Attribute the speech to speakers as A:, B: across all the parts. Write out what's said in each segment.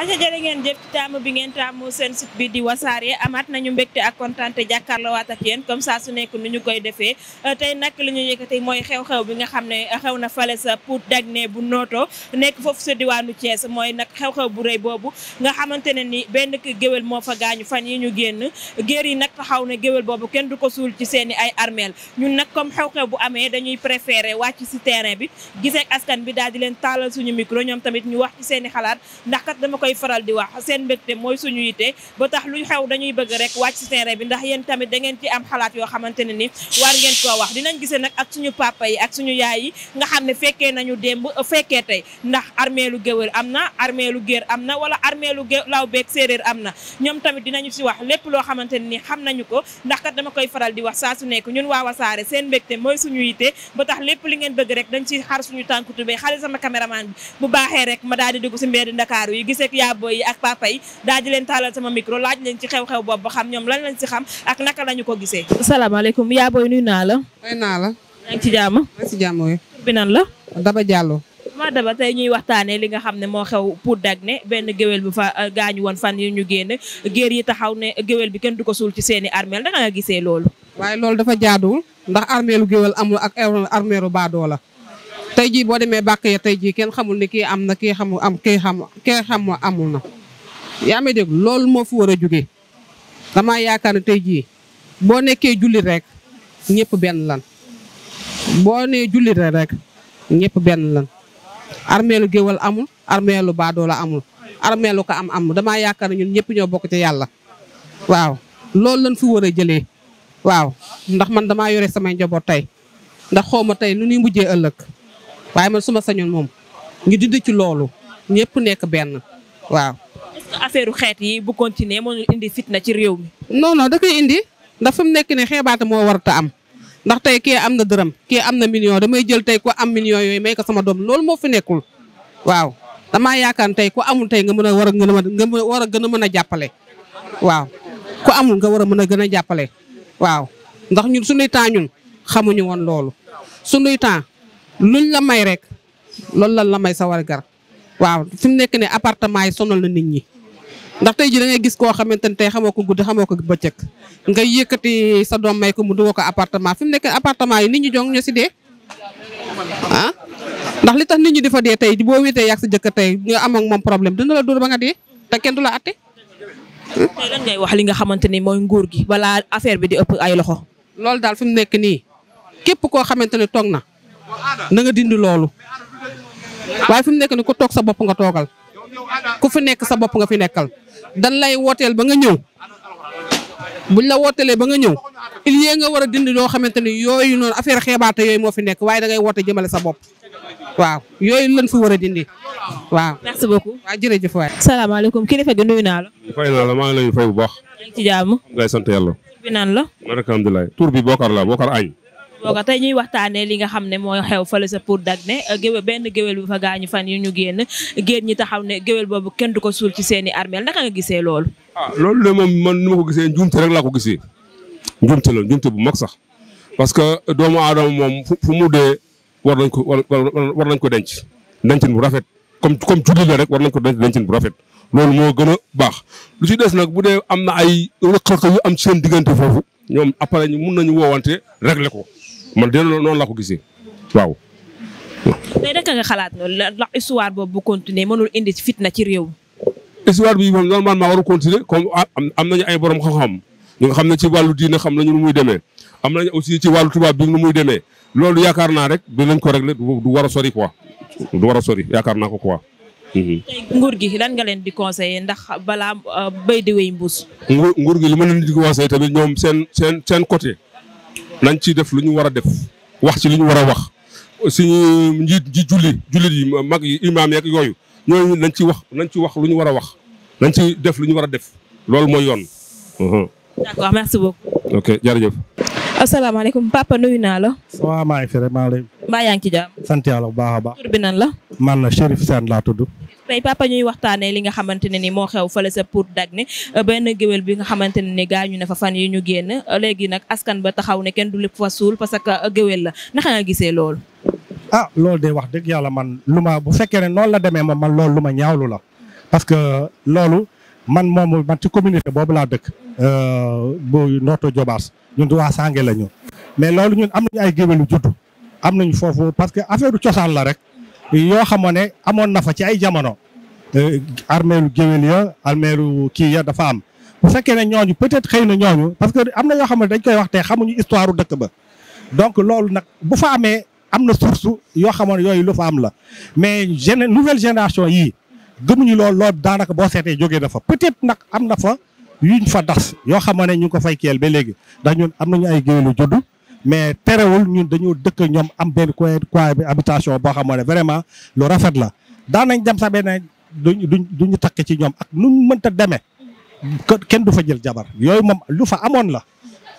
A: waa ca jërë ngeen jëf ci taamu bi ngeen taamu seen site bi di wasaare amaat nañu mbégte ak kontante jàkkaarloowaat ak yéen comme ça su nekk nu ñu koy defee euh, tey nag li ñu yëkkati mooy xew-xew bi nga xam ne xew na fale sa Pout Dagné bu Noto nekk foofu sa diwaanu Thiès mooy nag xew bu rëy boobu nga xamante ne ni benn ki géwél moo fa gaañu fan yi ñu génn géer yi nag xaw na géwél boobu kenn du ko suul ci seen i ay armeel ñun nag comme xew-xew bu amee dañuy préféré wàcc si terrain bi gisee askan bi daal di leen taalal suñu micro ñoom tamit ñu wax ci seen xalaat ndax kat dama koy koy faral di wax seen mbégte mooy suñu yite ba tax luy xew dañuy bëgg rek wàcc ci bi ndax yéen tamit da ngeen ci am xalaat yoo xamante ne ni war ngeen koo wax dinañ gisee nag ak suñu papa yi ak suñu yaay yi nga xam ne fekkee nañu démb fekkee tey ndax armée lu géwél am na armée lu am na wala armée lu law beeg séeréer am na ñoom tamit dinañu si wax lépp loo xamante ne ni xam nañu ko ndax dama koy faral di wax saa su nekk ñun waa Wassare seen mbégte mooy suñu yite ba lépp li ngeen bëgg rek dañ ci xar suñu tànku tubéy xale sama caméraman bi bu baaxee rek ma daal dugg si mbedd Ndakaaru yi gisee yaabo yi ak papa yi daal leen taalal sama micro laaj leen ci xew-xew boobu ba xam ñoom lan lañ ci xam ak naka lañu ko gisee. asalaamaaleykum yaabo yi nuyu naa la. naa la. yaa ngi ci jàmm. ci jàmm
B: oui. tur bi nan la. Daba Diallo.
A: ma daba tey ñuy waxtaanee li nga xam ne moo xew pour dag ne benn géwel bu fa euh, gaañu woon fan yu ñu génn géer yi taxaw ne géwel bi kenn du ko suul ci seeni
B: armeel da nga gisee loolu. waaye loolu dafa jaaduwul ndax armeelu géwél amul ak armeelu baadoo la tey jii boo demee bàkk ya tey jii kenn xamul ni kii am na kii xamul am kii xam kii xam amul na yaa may dégg loolu moo fi war a jóge damaa yaakaar ne tey jii boo nekkee jullit rek ñépp benn lan boo ne jullit rek ñépp benn lan armeelu géwal amul armeelu baadoola amul armeelu ko am amul damaa yaakaar na ñun ñëpp ñoo bokk ci yàlla waaw loolu lan fi war a jëlee waaw ndax man damaa yore samay njaboot tey ndax xawma tey nu ñuy jee ëllëg waaye man suma sañoon moom ñu dindi ci loolu ñëpp nekk benn waaw.
A: est xeet yi bu continuer mënul indi fitna ci réew mi.
B: non non da koy indi ndax fi mu nekk nii xeebaate moo warut a am ndax tey kii am na dërëm kii am na million damay jël tey ko am million yooyu may ko sama doom loolu moo fi nekkul waaw. damaa yaakaar tey ku amul tey nga mën a war a gën a mën war a gën a mën a jàppale waaw ku amul nga war a mën a gën a jàppale waaw ndax ñun sunuy temps ñun xamuñu woon loolu sunuy temps luñ la may rek loolu lan la may sa war wargar waaw fi mu nekk ne appartement yi sonal na nit ñi ndax tey ji da gis koo xamante ne tey xamoo ko guddi xamoo ko bëccëg nga yëkkati sa doom may mu dugal ko appartement fi mu nekk appartement yi nit ñi jong ñoo si dee ah ndax li tax nit ñi dafa dee tey boo wéetee yàgg sa jëkkër tey nga am moom problème dina la dóor ba nga dee te kenn du la atte tey wax li nga xamante ni mooy nguur gi balaa affaire bi di ëpp ay loxo. loolu daal fi mu nekk nii képp koo xamante ne toog na na nga dindi loolu waaye fi mu nekk ni ku toog sa bopp nga toogal ku fi nekk sa bopp nga fi nekkal dan lay wooteel ba nga ñëw buñ la wootelee ba nga ñëw il yee nga war a dindi loo xamante ni yooyu noonu affaire xeebaate yooyu moo fi nekk waaye da ngay woote jëmale sa bopp waaw yooyu lañ fi war a dindi waaw. merci beaucoup waaw jërëjëf waay. salaamaaleykum kilifa gi nuyu naa la.
C: fay naa la maa ngi lay fay bu baax.
B: maa
C: ngi ci tur bi naan la. man alhamdulilah tur bi
A: booga tey ñuy waxtaanee li nga xam ne mooy xew fale sa pour dag ne eh, géwél benn géwél bu fa gaañu fan yu ñu génn géer ñi taxaw ne géwél boobu kenn du ko suul ci seeni i armeel naka nga gisee loolu ah
C: moom man ni ko gisee njuumte rek la ko gisee njuumte la njuumte bu mag sax parce que doomu aadama moom fu mu dee war nañ ko war nañ ko denc dencin bu rafet comme comme julli la rek war nañ ko denc dencin bu rafet loolu moo gën a baax lu ci des nag bu dee am na ay rëq-rëq yu am seen diggante foofu ñoom après ñu mun nañu woowante régler ko man delloo noonu la ko gisee waaw.
A: mais naka nga xalaat noonu la ndax histoire boobu bu continuer mënul indi fitna ci réew
C: histoire bi moom normalement warul continuer comme am nañu ay borom xam-xam ñu xam ne ci wàllu diine xam ñu nu muy demee am nañu aussi ci wàllu tubaab bi nu muy demee loolu yaakaar naa rek dinañ ko régler du war a sori quoi du war a sori yaakaar naa ko quoi. Mhm.
A: tey gi lan nga leen di conseiller ndax balaa euh, béy di wéy mbuus.
C: nguur gi li ma leen di conseiller tamit ñoom seen seen seen côté. nañ ci def lu ñu war a def wax ci lu ñu war a wax suñu njiit ji julli jullit yi mag yi imaam yeeg yooyu ñooñu nañ ci wax nañ ci wax lu ñu war a wax nañ ci def lu ñu war a def loolu mooy yoon. Mhm.
A: d'accord merci beaucoup.
D: ok
C: jërëjëf.
A: a papa nuyu naa la.
D: waaw maa ngi fi rek maa ngi lay.
A: mbaa yaa ngi ci jàmm.
D: sant yàlla bu baax a baax. tur bi nan la. man la Chérif Sène laa tudd.
A: tey eh, papa ñuy li nga xamante ne ni moo xew fële sa eh, nga xamante ne ni gaañu na fa fan yi ñu génn eh, léegi nag askan ba taxaw ne kenn du lépp fa parce que géwél la naka nga gisee loolu.
D: ah loolu de wax dëgg yàlla man lu ma bu fekkee ne noonu la demee moom man loolu lu ma ñaawlu la parce que loolu man moom man ci communauté boobu laa dëkk. bu Nooto Jobaas ñun du waa Sànge la ñu. mais loolu ñun am nañu ay géwélu juddu am nañu foofu parce que affaire cosaan la rek. yoo xamoo ne amoon na fa ci ay jamono eh, armeelu géwél ya armeelu kii ya dafa am bu fekkee ne ñooñu peut-être xëy na ñooñu parce que am na yoo xam ne dañ koy wax te xamuñu histoire dëkk ba donc loolu nag bu fa amee am na source yoo xamoon yooyu lu fa am la mais gén nouvelle génération yi gëmuñu lool loolu daanaka boo seetee jógee na fa peut-être nag am na fa yuñ fa das yoo xamoon ne ñu ko fay keel ba léegi ndax ñun am nañu ay géwélu juddu mais terewul ñun dañoo dëkk ñoom am benn coin coin bi habitation boo xam ne vraiment lu rafet la daanañ nañ dem sax benn duñ duñ duñu takk ci ñoom ak nu mënta demee kenn du fa jël jabar yooyu moom lu fa amoon la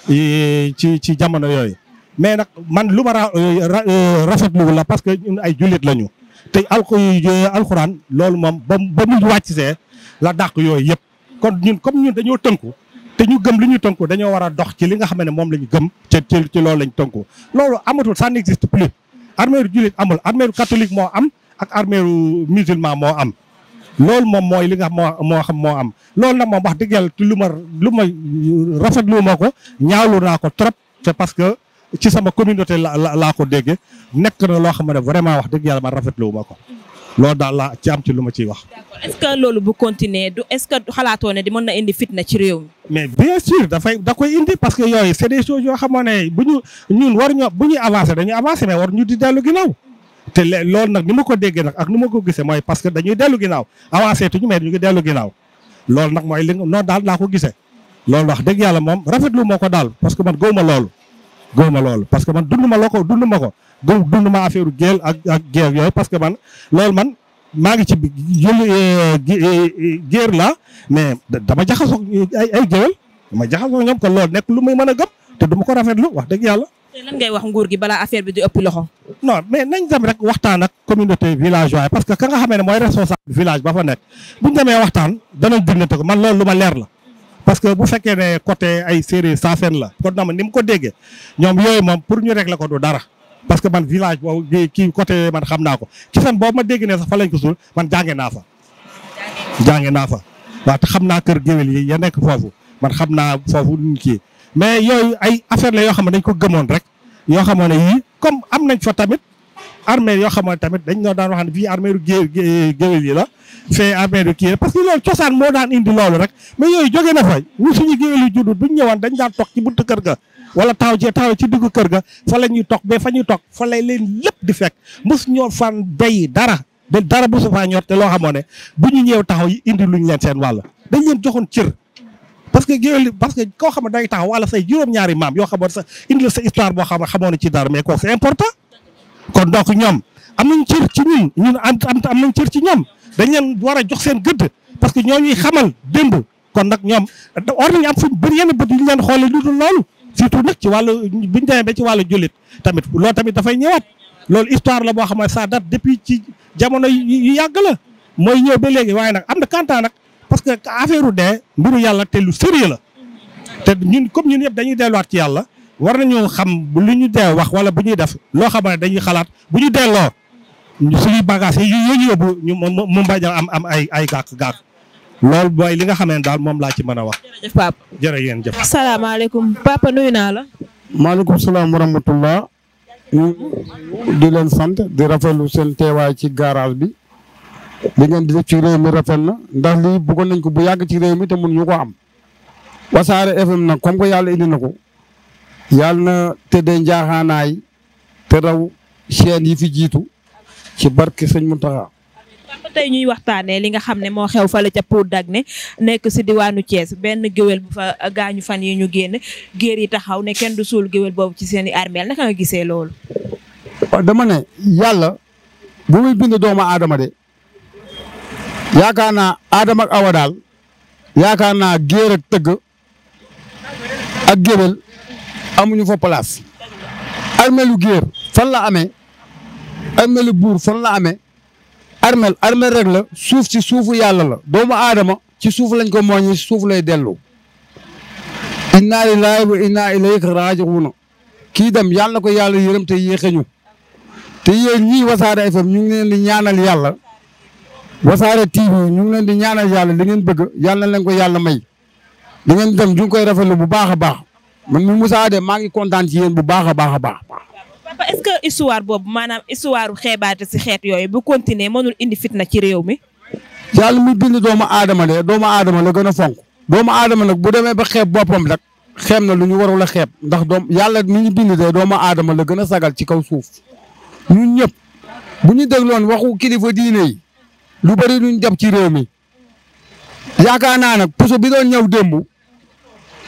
D: ci ci jamono yooyu mais nag man lu ma euh, euh, rafetluwul la parce que ñun ay jullit lañu te euh, alxuraan loolu moom ba ba mu wàcc see la dàq yooyu yëpp kon ñun comme ñun dañoo tënku te ñu gëm li ñu tënku dañoo war a dox ci li nga xam ne moom la ñu gëm ca ci ci loolu lañ tënku loolu amatul ça n'existe plus armeeru jullit amul armeeru catholique moo am ak armeeru musulman moo am loolu moom mooy li nga xam moo moo xam moo am loolu nag moom wax dëgg yàlla lu ma lu ma rafetlu ma ko ñaawlu naa ko trop c'est parce que ci sama communauté la laa ko déggee nekk na loo xam ne vraiment wax dëgg yàlla ma rafetlu ma ko loolu daal la ci am ci lu ma ciy wax.
A: est loolu bu continuer du est-ce que xalaatoo ne di mën na indi fitna ci réew mi.
D: mais bien sûr dafay da indi parce que yooyu c'est des choses yoo xamoo ne bu ñu ñun war ñoo bu ñuy avancer dañuy avancer mais war ñu di dellu ginnaaw. te lool nag ni ma ko déggee nag ak nu ma ko gisee mooy parce que dañuy dellu ginnaaw avancé tuñu mais ñu ngi dellu ginnaaw loolu nag mooy li noonu daal laa ko gise loolu wax dëgg yàlla moom rafetlu moo ko daal parce que man gëwuma loolu. gëwuma loolu parce que man dund ma loo ko dund ma ko gëm dund ma affaire yooyu parce que man loolu man maa ngi ci jël guerre la mais dama jaxasoo ay ay géwél dama jaxasoo ñoom kon loolu nekk lu muy mën a gëm te du ma ko rafetlu wax dëgg yàlla.
A: te lan ngay wax nguur gi a affaire bi di ëpp loxo.
D: non mais nañ dem rek waxtaan ak communauté villageoise parce que ka nga xamee ne mooy responsable village ba fa nekk bu ñu demee waxtaan danañ dundante ko man loolu lu ma leer la. parce que bu fekkee ne côté ay séeréer saafeen la kon na ma ni mu ko déggee ñoom yooyu moom pour ñu régler ko du dara parce que man village boobu kii côté man xam naa ko ci san boobu ma dégg ne sax fa lañ ko suul man jànge naa fa jànge naa fa waaw xam naa kër géwél yi ya nekk foofu man xam naa foofu nuñ kii mais yooyu ay affaire la yoo xam ne dañ ko gëmoon rek yoo xamoon ne yii comme am nañ fa tamit armée yoo xamante tamit dañ ñoo daan wax fii armée ru géwél yi la fee armée ru kii parce que loolu cosaan moo daan indi loolu rek mais yooyu jóge na fa ñu suñu géwél yu judd duñ ñëwoon dañ daan toog ci buntu kër ga wala taw ci taw ci diggu kër ga fa la ñuy toog fa ñuy toog fa lay leen lépp di fekk mos ñoo fan bay dara ba dara bu su faa ñor te loo xamoon ne bu ñu ñëw taxaw yi indi luñ leen seen wàll dañ leen joxoon cër parce que géwél parce que wala say juróom-ñaari maam yoo xamoon sa indi la sa histoire xam ne xamoon kon donc ñoom am nañ cër ci ñun ñun am am ci ñoom dañ leen war a jox seen gëdd parce que ñoo ñuy xamal démb kon nag ñoom war nañu am fu bëri yenn bët yu ñu leen xoolee lu du loolu surtout nag ci wàllu bu ñu demee ba ci wàllu jullit tamit loolu tamit dafay ñëwaat loolu histoire la boo xam ne ça date ci jamono yu yàgg la mooy ñëw ba léegi waaye nag am na kantaa nag parce que affaire u dee mbiru yàlla te lu sérieux la te ñun comme ñun yëpp dañuy delluwaat ci yàlla war nañoo xam bu lu ñu dee wax wala bu ñuy def loo xam ne dañuy xalaat bu ñu delloo suñuy bagages yi yooyu ñu mu mbañ a am am ay ay gàkk-gàkk loolu booy li nga xam ne daal moom laa ci mën a wax. jërëjëf papa jërëjëf yéen jëf. salaamaaleykum
E: papa naa la. maaleykum salaam wa rahmatullah di leen sant di rafetlu seen teewaay ci garage bi. li ngeen di def ci réew mi rafet na ndax lii bëggoon nañ ko bu yàgg ci réew mi te mënuñu ko am. wasaare FM na comme que yàlla indi na ko. yàlla na tëddee njaaxaanaay te raw chaîne yi fi jiitu ci barke sëñ Mountakha.
A: tey ñuy waxtaanee li nga xam ne moo xew fële ca Pour Dagné nekk si diwaanu Thiès benn géwél bu fa gaañu fan yi ñu génn géer yi taxaw ne kenn du suul géwél boobu ci seeni i armeel naka nga gisee loolu.
E: waaw dama ne yàlla bu muy bind doomu aadama de yaakaar naa aadama awa daal yaakaar naa géer ak tëgg ak géwél amuñu fa place armeelu géer fan la amee armeelu buur fan la amee armeel armeel rek la suuf ci suufu yàlla la doomu aadama ci suuf lañ ko mooñi suuf lay dellu inna lillahi wa inna ilayhi raji'un kii dem yàlla ko yàlla yërëm te yéexeñu te yéen ñii wasaare FM ñu ngi leen di ñaanal yàlla wasaare TV ñu ngi leen di ñaanal yàlla li ngeen bëgg yàlla leen ko yàlla may li ngeen dem ju ngi koy rafetlu bu baax baax man mi saa de maa ngi kontaan ci yéen bu baax a baax a baax.
A: papa est que histoire boobu maanaam histoire xeebaate si xeet yooyu bu continuer mënul indi fitna ci réew mi.
E: yàlla mu bind doomu aadama de doomu aadama la gën a fonk. doomu aadama nag bu demee ba xeeb boppam rek xeeb na lu ñu warul a xeeb ndax doom yàlla ñu bind doomu aadama la gën a sagal ci kaw suuf ñun ñëpp bu ñu dégloon waxu kilifa diine yi lu bëri luñ def ci réew mi yaakaar naa nag puso bi doon ñëw démb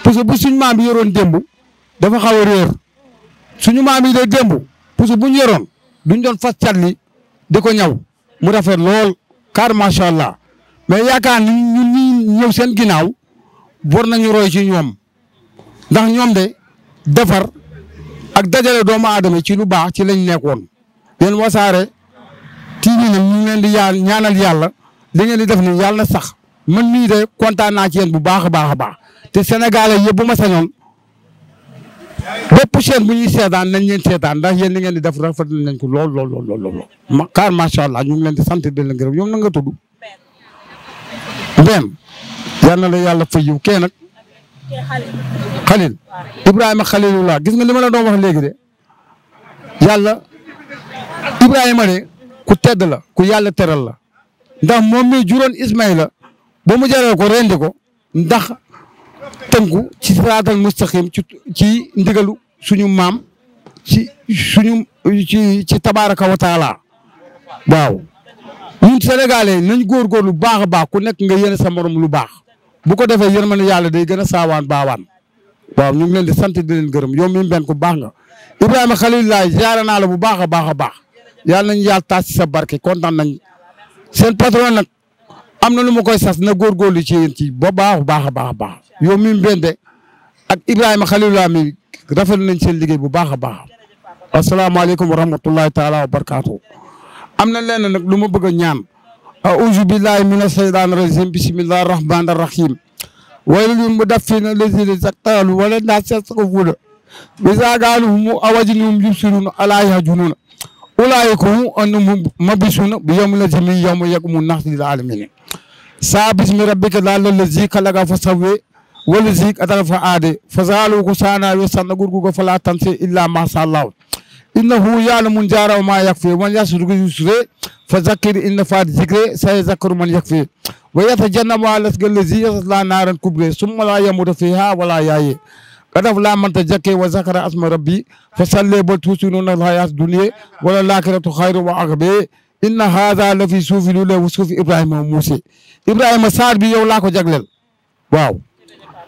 E: puso bu suñ maam yi yoroon démb dafa xaw a réer suñu maam yi day démb puso bu ñu yoroon duñ doon fas cat li di ko ñaw mu rafet lool car macha allah mais yaakaar ni ñun ñi ñëw seen ginnaaw war nañu roy ci ñoom ndax ñoom de defar ak dajale doomu adama ci lu baax ci lañ nekkoon. yéen wasaare tii ñu ngi leen di ñaanal yàlla li ngeen di def ni yàlla na sax man mii de kontaan naa ci yéen bu baax a baax a baax. te Sénégalais yëpp bu ma sañoon bépp chaîne bu ñuy seetaan nañ leen seetaan ndax yéen ni ngeen di def rafet nañ ko lool lool loo lool lool. kaar macha allah ñu ngi leen di sant di leen gërëm ñoom na nga tudd. yal na la yàlla fa yiw kee nag. xalil Ibrahima xalilullah gis nga li ma la doon wax léegi de yàlla Ibrahima de ku tedd la ku yàlla teral la ndax moom mi juróon Ismaïla ba mu jaree ko rendi ko ndax. tënku ci siraatal mustaqim ci ci ndigalu suñu maam ci suñu ci ci tabaaraka wa taala waaw ñun sénégalais nañ góorgóorlu lu baax a baax ku nekk nga yéene sa morom lu baax bu ko defee yërmande yàlla day gën a saawaan baawaan waaw ñu ngi leen di sant di leen gërëm yow mi benn ku baax nga Ibrahima Xalilullaah ziyaare naa la bu baax a baax a baax yàlla nañ yàlla taas ci sa barke kontaan nañ seen patron nag am na lu ma koy sas na góorgóorlu ci yéen ci ba baax baax a baax a baax yow mi Mbende ak Ibrahima Khalilullah mi rafet nañ seen liggéey bu baax a baax asalaamaaleykum wa rahmatullahi taala wa barakaatu am na len nag lu ma bëgg a ñaan auzu billahi mina shaytaani rajim bismillahi rahmaani rahim waylul lil mudaffifiina allaziina izaa ktaaluu ala naasi yastawfuuna wa izaa kaaluuhum aw wazanuhum yubsiruuna alaa yahjunuuna ulaa'ika hum mabsuuna bi yawmil jaziim yawma yaquumu naasu lil aalamiin saa bismi rabbika laal loolu la ziik xalaqa fa sawwe wala ziik atara fa aade fa saalu ko saana we sanna gurgugo fala tanse illa ma sha Allah innahu ya'lamu jaara wa ma yakfi man yasudu yusre fa zakkir inna faat zikre sa yazakkaru man yakfi wa yatajannabu allazi yasla naaran kubra summa la wa zakara asma rabbi fa salle bal tuusinuna al hayat dunya wala lakiratu khayru wa aqbe inna haada la fi suufi lu la wu suufi Ibrahima Muuse Ibrahima saar bi yow laa ko jagleel waaw.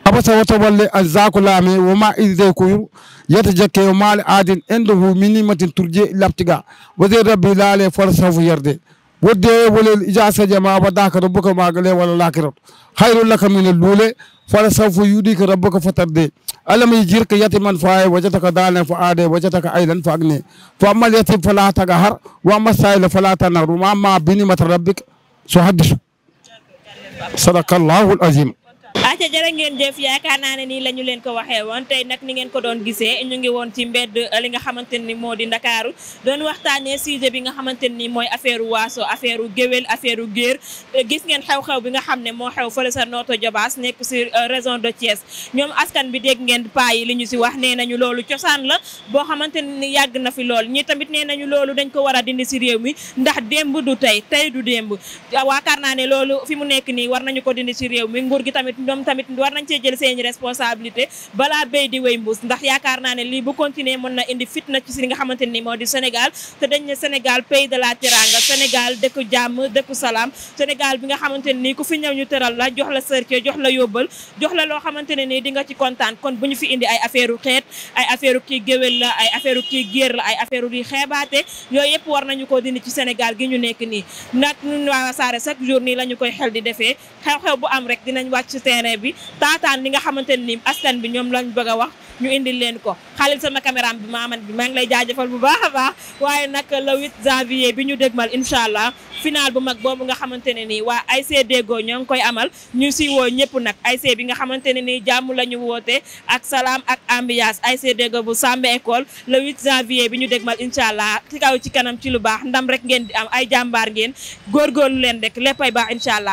E: abasa wa tawalle an zaaku laame wa ma idee kuyu yata jakke wa maali aadin indahu min nimatin turje labtiga wa rabbi laalee far safu yerde wadde wolel ijasaje ma waddaka rabbaka magale walla lakirat hayrul laka min lule fala sawfa yuɗika rabbaka fatarde alam yejirka yatiman fa wajataka dalen fa aade wajataka aylan fa agne fa ammal yatim fala taga har wa amma sahila fala tanhar wa amma binimata rabbika so haddisu sadakallahu l azim
A: aca jërë ngeen jëf yaakaar naa ne ni la ñu leen ko waxee woon tey nag ni ngeen ko doon gisee ñu ngi woon ci mbedd uh, li nga xamante ni moo di ndakaaru doon waxtaanee sujet bi nga xamante ni mooy affaire u waaso affaire u géwél affaire u géer uh, gis ngeen xew-xew bi nga xam ne moo xew fële sa nooto jobaas nekk si uh, région de Thiès ñoom askan bi dégg ngeen paa li ñu si wax nee nañu loolu cosaan la boo xamante ni yàgg na fi lool ñi tamit nee nañu loolu dañ ko war a si réew mi ndax démb du tey tey du démb waakaar naa ne loolu fi mu nekk nii war nañu ko dindi si réew mi nguur gi tamit ñoom tamit war nañ cee jël seeni responsabilité balaa béy di wéy mbuus ndax yaakaar naa ne lii bu continuer mën na indi fitna ci li nga xamante ni moo di Sénégal te dañ ne Sénégal pays de la teranga Sénégal dëkku jàmm dëkku salaam Sénégal bi nga xamante ne nii ku fi ñëw ñu tëral la jox la sertie jox la yóbbal jox la loo xamante ne nii di nga ci kontaan kon bu ñu fi indi ay affaire u xeet ay affaire u kii géwél la ay affaire kii géer la ay affaire u xeebaate yooyu yëpp war nañu ko dindi ci Sénégal gi ñu nekk nii nag ñun waa Wassare chaque nii la ñu koy xel di defee terrain bi taataan li nga xamante ni askan bi ñoom lañ bëgg a wax ñu indil leen ko xaalil sama caméraam bi maaman bi maa ngi lay jaajëfal bu baax a baax waaye nag le 8 bi ñu dégmal incha allah final bu mag boobu nga xamante ne nii waa ASC Deggo ñoo ngi koy amal ñu si woo ñëpp nag ASC bi nga xamante ne nii jàmm la ñu woote ak salaam ak ambiance ASC Deggo bu Sambé école le 8 janvier bi ñu dégmal incha allah ci kaw ci kanam ci lu baax ndam rek ngeen di am ay jàmbaar ngeen góorgóorlu leen